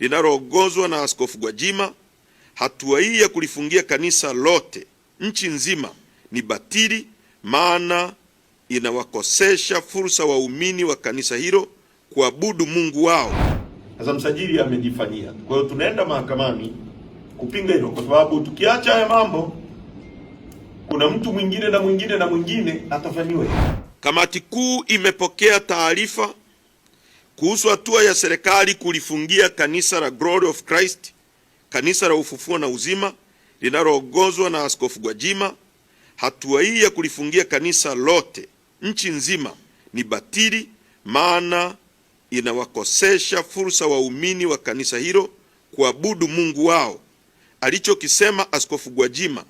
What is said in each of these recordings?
linaloongozwa na Askofu Gwajima. Hatua hii ya kulifungia kanisa lote nchi nzima ni batili, maana inawakosesha fursa waumini wa kanisa hilo kuabudu Mungu wao. Sasa msajili amejifanyia, kwa hiyo tunaenda mahakamani kupinga hilo, kwa sababu tukiacha haya mambo, kuna mtu mwingine na mwingine na mwingine atafanyiwa. Kamati kuu imepokea taarifa kuhusu hatua ya serikali kulifungia kanisa la Glory of Christ, kanisa la ufufuo na uzima linaloongozwa na Askofu Gwajima. Hatua hii ya kulifungia kanisa lote nchi nzima ni batili, maana inawakosesha fursa waumini wa kanisa hilo kuabudu Mungu wao alichokisema Askofu Gwajima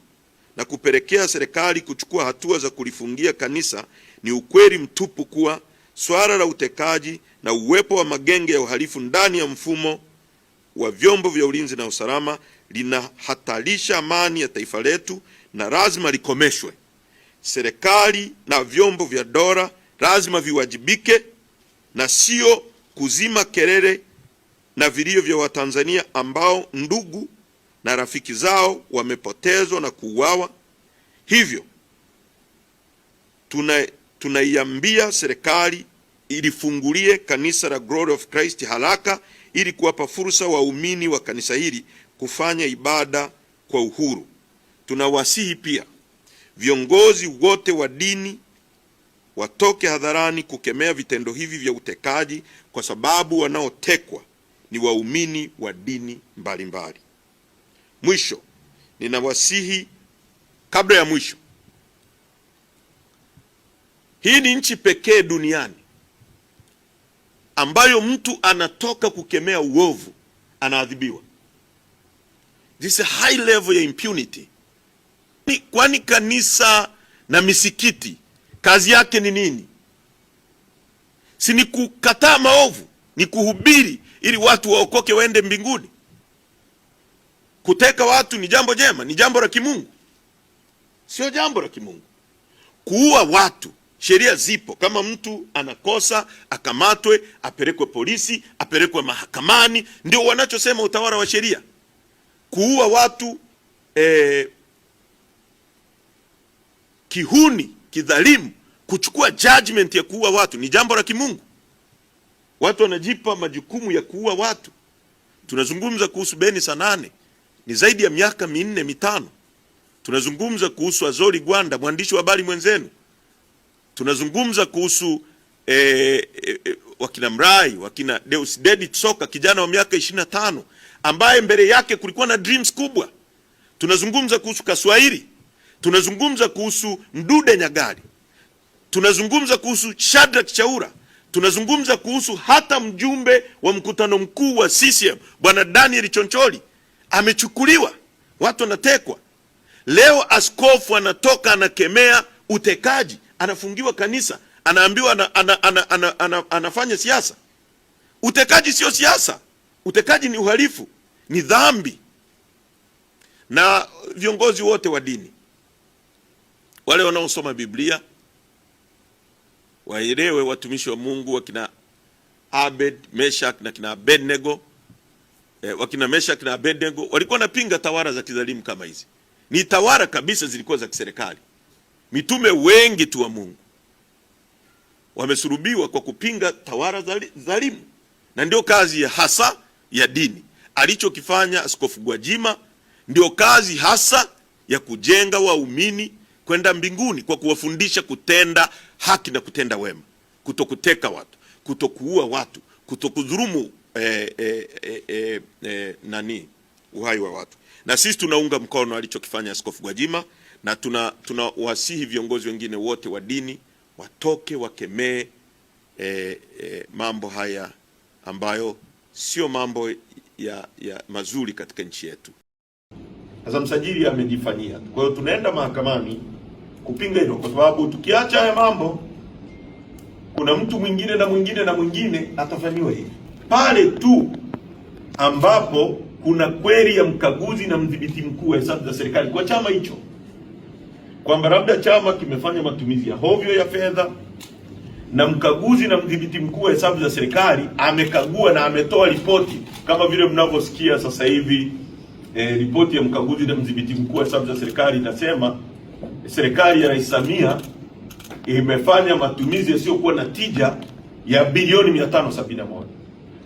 na kupelekea serikali kuchukua hatua za kulifungia kanisa ni ukweli mtupu kuwa swala la utekaji na uwepo wa magenge ya uhalifu ndani ya mfumo wa vyombo vya ulinzi na usalama linahatarisha amani ya taifa letu na lazima likomeshwe. Serikali na vyombo vya dola lazima viwajibike na sio kuzima kelele na vilio vya Watanzania ambao ndugu na rafiki zao wamepotezwa na kuuawa. Hivyo tuna tunaiambia serikali ilifungulie kanisa la Glory of Christ haraka ili kuwapa fursa waumini wa kanisa hili kufanya ibada kwa uhuru. Tunawasihi pia viongozi wote wa dini watoke hadharani kukemea vitendo hivi vya utekaji, kwa sababu wanaotekwa ni waumini wa dini mbalimbali mbali. Mwisho ninawasihi kabla ya mwisho hii ni nchi pekee duniani ambayo mtu anatoka kukemea uovu anaadhibiwa. This high level ya impunity. Kwani kanisa na misikiti kazi yake ni nini? Si ni kukataa maovu, ni kuhubiri ili watu waokoke waende mbinguni. Kuteka watu ni jambo jema, ni jambo la kimungu? Sio jambo la kimungu. Kuua watu Sheria zipo, kama mtu anakosa akamatwe, apelekwe polisi, apelekwe mahakamani. Ndio wanachosema utawala wa sheria. Kuua watu eh, kihuni, kidhalimu, kuchukua judgment ya kuua watu ni jambo la kimungu. Watu wanajipa majukumu ya kuua watu. Tunazungumza kuhusu Beni Sanane, ni zaidi ya miaka minne mitano. Tunazungumza kuhusu Azori Gwanda, mwandishi wa habari mwenzenu tunazungumza kuhusu e, e, wakina Mrai wakina Deus Dedi Soka, kijana wa miaka 25 ambaye mbele yake kulikuwa na dreams kubwa. Tunazungumza kuhusu Kaswahili, tunazungumza kuhusu Ndude Nyagali, tunazungumza kuhusu Shadrack Chaura, tunazungumza kuhusu hata mjumbe wa mkutano mkuu wa CCM bwana Daniel Chonchori amechukuliwa, watu wanatekwa. Leo askofu anatoka anakemea utekaji anafungiwa kanisa, anaambiwa ana, ana, ana, ana, ana, anafanya siasa. Utekaji sio siasa, utekaji ni uhalifu, ni dhambi. Na viongozi wote wa dini wale wanaosoma Biblia waelewe, watumishi wa Mungu wakina Abed, Meshak na kina Abednego eh, wakina Meshak na Abednego walikuwa wanapinga tawara za kizalimu kama hizi. Ni tawara kabisa zilikuwa za kiserikali. Mitume wengi tu wa Mungu wamesulubiwa kwa kupinga tawara dhalimu, na ndio kazi ya hasa ya dini alichokifanya Askofu Gwajima, ndio kazi hasa ya kujenga waumini kwenda mbinguni kwa kuwafundisha kutenda haki na kutenda wema, kutokuteka watu, kutokuua watu, kutokudhulumu eh, eh, eh, eh, eh nani, uhai wa watu. Na sisi tunaunga mkono alichokifanya Askofu Gwajima na tunawasihi viongozi wengine wote wa dini watoke wakemee e, e, mambo haya ambayo sio mambo ya, ya mazuri katika nchi yetu. Sasa msajili amejifanyia, kwa hiyo tunaenda mahakamani kupinga hilo, kwa sababu tukiacha haya mambo, kuna mtu mwingine na mwingine na mwingine atafanyiwa hivi. Pale tu ambapo kuna kweli ya mkaguzi na mdhibiti mkuu wa hesabu za serikali kwa chama hicho kwamba labda chama kimefanya matumizi ya hovyo ya fedha, na mkaguzi na mdhibiti mkuu wa hesabu za serikali amekagua na ametoa ripoti kama vile mnavyosikia sasa hivi. E, ripoti ya mkaguzi na mdhibiti mkuu wa hesabu za serikali inasema serikali ya Rais Samia imefanya matumizi yasiyokuwa na tija ya bilioni 571.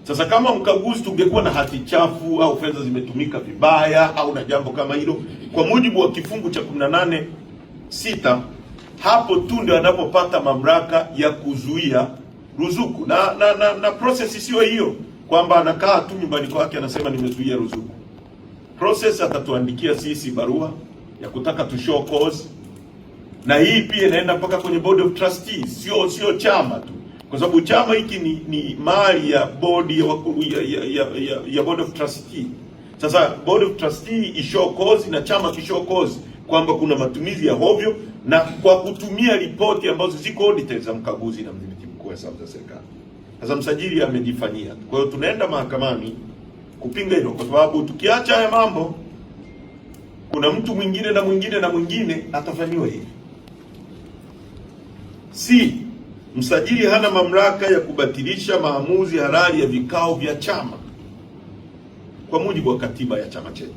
Sasa kama mkaguzi tungekuwa na hati chafu au fedha zimetumika vibaya au na jambo kama hilo, kwa mujibu wa kifungu cha sita, hapo tu ndio anapopata mamlaka ya kuzuia ruzuku na, na, na, na process sio hiyo kwamba anakaa tu nyumbani kwake anasema nimezuia ruzuku. Process atatuandikia sisi barua ya kutaka to show cause, na hii pia inaenda mpaka kwenye board of trustees, sio sio chama tu, kwa sababu chama hiki ni, ni mali ya board ya, ya, ya, ya, ya board of trustees. Sasa board of trustees ishow cause na chama kishow cause kwamba kuna matumizi ya hovyo na kwa kutumia ripoti ambazo ziko audited za mkaguzi na mdhibiti mkuu wa hesabu za serikali. Sasa msajili amejifanyia. Kwa hiyo tunaenda mahakamani kupinga hilo, kwa sababu tukiacha haya mambo, kuna mtu mwingine na mwingine na mwingine atafanyiwa hivi. Si msajili hana mamlaka ya kubatilisha maamuzi halali ya vikao vya chama kwa mujibu wa katiba ya chama chetu.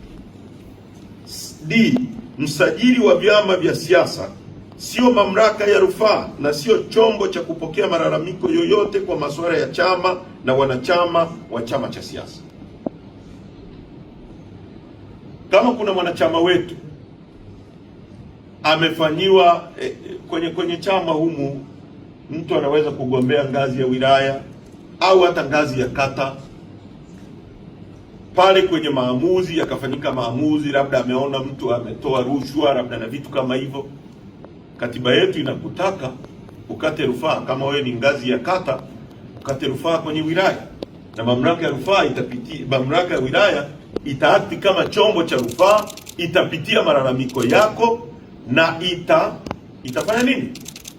D Msajili wa vyama vya siasa sio mamlaka ya rufaa na sio chombo cha kupokea malalamiko yoyote kwa masuala ya chama na wanachama wa chama cha siasa. Kama kuna mwanachama wetu amefanyiwa eh, eh kwenye kwenye chama humu, mtu anaweza kugombea ngazi ya wilaya au hata ngazi ya kata pale kwenye maamuzi yakafanyika maamuzi, labda ameona mtu ametoa rushwa, labda na vitu kama hivyo. Katiba yetu inakutaka ukate rufaa kama wewe ni ngazi ya kata, ukate rufaa kwenye wilaya, na mamlaka ya rufaa itapitia, mamlaka ya wilaya itaati kama chombo cha rufaa, itapitia malalamiko yako na ita itafanya nini?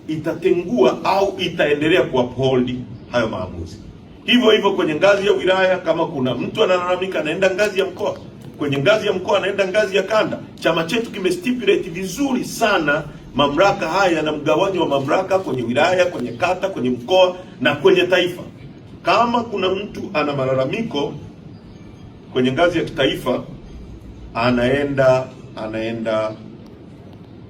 Itatengua au itaendelea kuapholdi hayo maamuzi. Hivyo hivyo kwenye ngazi ya wilaya, kama kuna mtu analalamika, anaenda ngazi ya mkoa, kwenye ngazi ya mkoa anaenda ngazi ya kanda. Chama chetu kimestipulate vizuri sana mamlaka haya na mgawanyo wa mamlaka kwenye wilaya, kwenye kata, kwenye mkoa na kwenye taifa. Kama kuna mtu ana malalamiko kwenye ngazi ya kitaifa, anaenda anaenda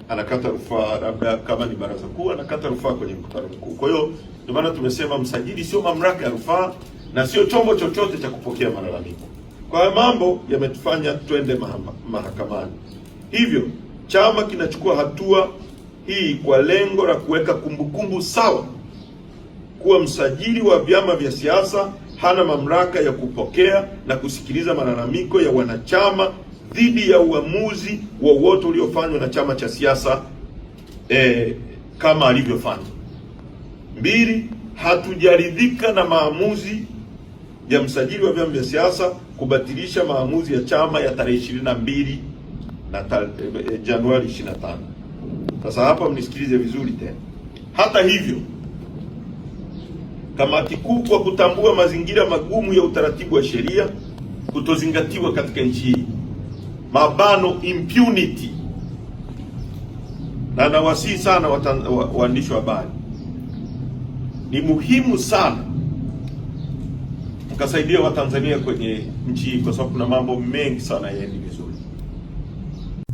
anakata rufaa, labda kama ni baraza kuu anakata rufaa kwenye mkutano mkuu. Kwa hiyo ndio maana tumesema msajili sio mamlaka ya rufaa na sio chombo chochote cha kupokea malalamiko. Kwa hiyo mambo yametufanya twende mahakamani. Hivyo chama kinachukua hatua hii kwa lengo la kuweka kumbukumbu sawa kuwa msajili wa vyama vya siasa hana mamlaka ya kupokea na kusikiliza malalamiko ya wanachama dhidi ya uamuzi wowote uliofanywa na chama cha siasa eh, kama alivyofanya. Mbili, hatujaridhika na maamuzi ya msajili wa vyama vya siasa kubatilisha maamuzi ya chama ya tarehe ishirini na mbili na e, Januari 25. Sasa hapa mnisikilize vizuri tena. Hata hivyo, kamati kuu kwa kutambua mazingira magumu ya utaratibu wa sheria kutozingatiwa katika nchi hii mabano impunity, na nawasihi sana waandishi wa habari, ni muhimu sana mkasaidia Watanzania kwenye nchi hii, kwa sababu kuna mambo mengi sana yaendi vizuri.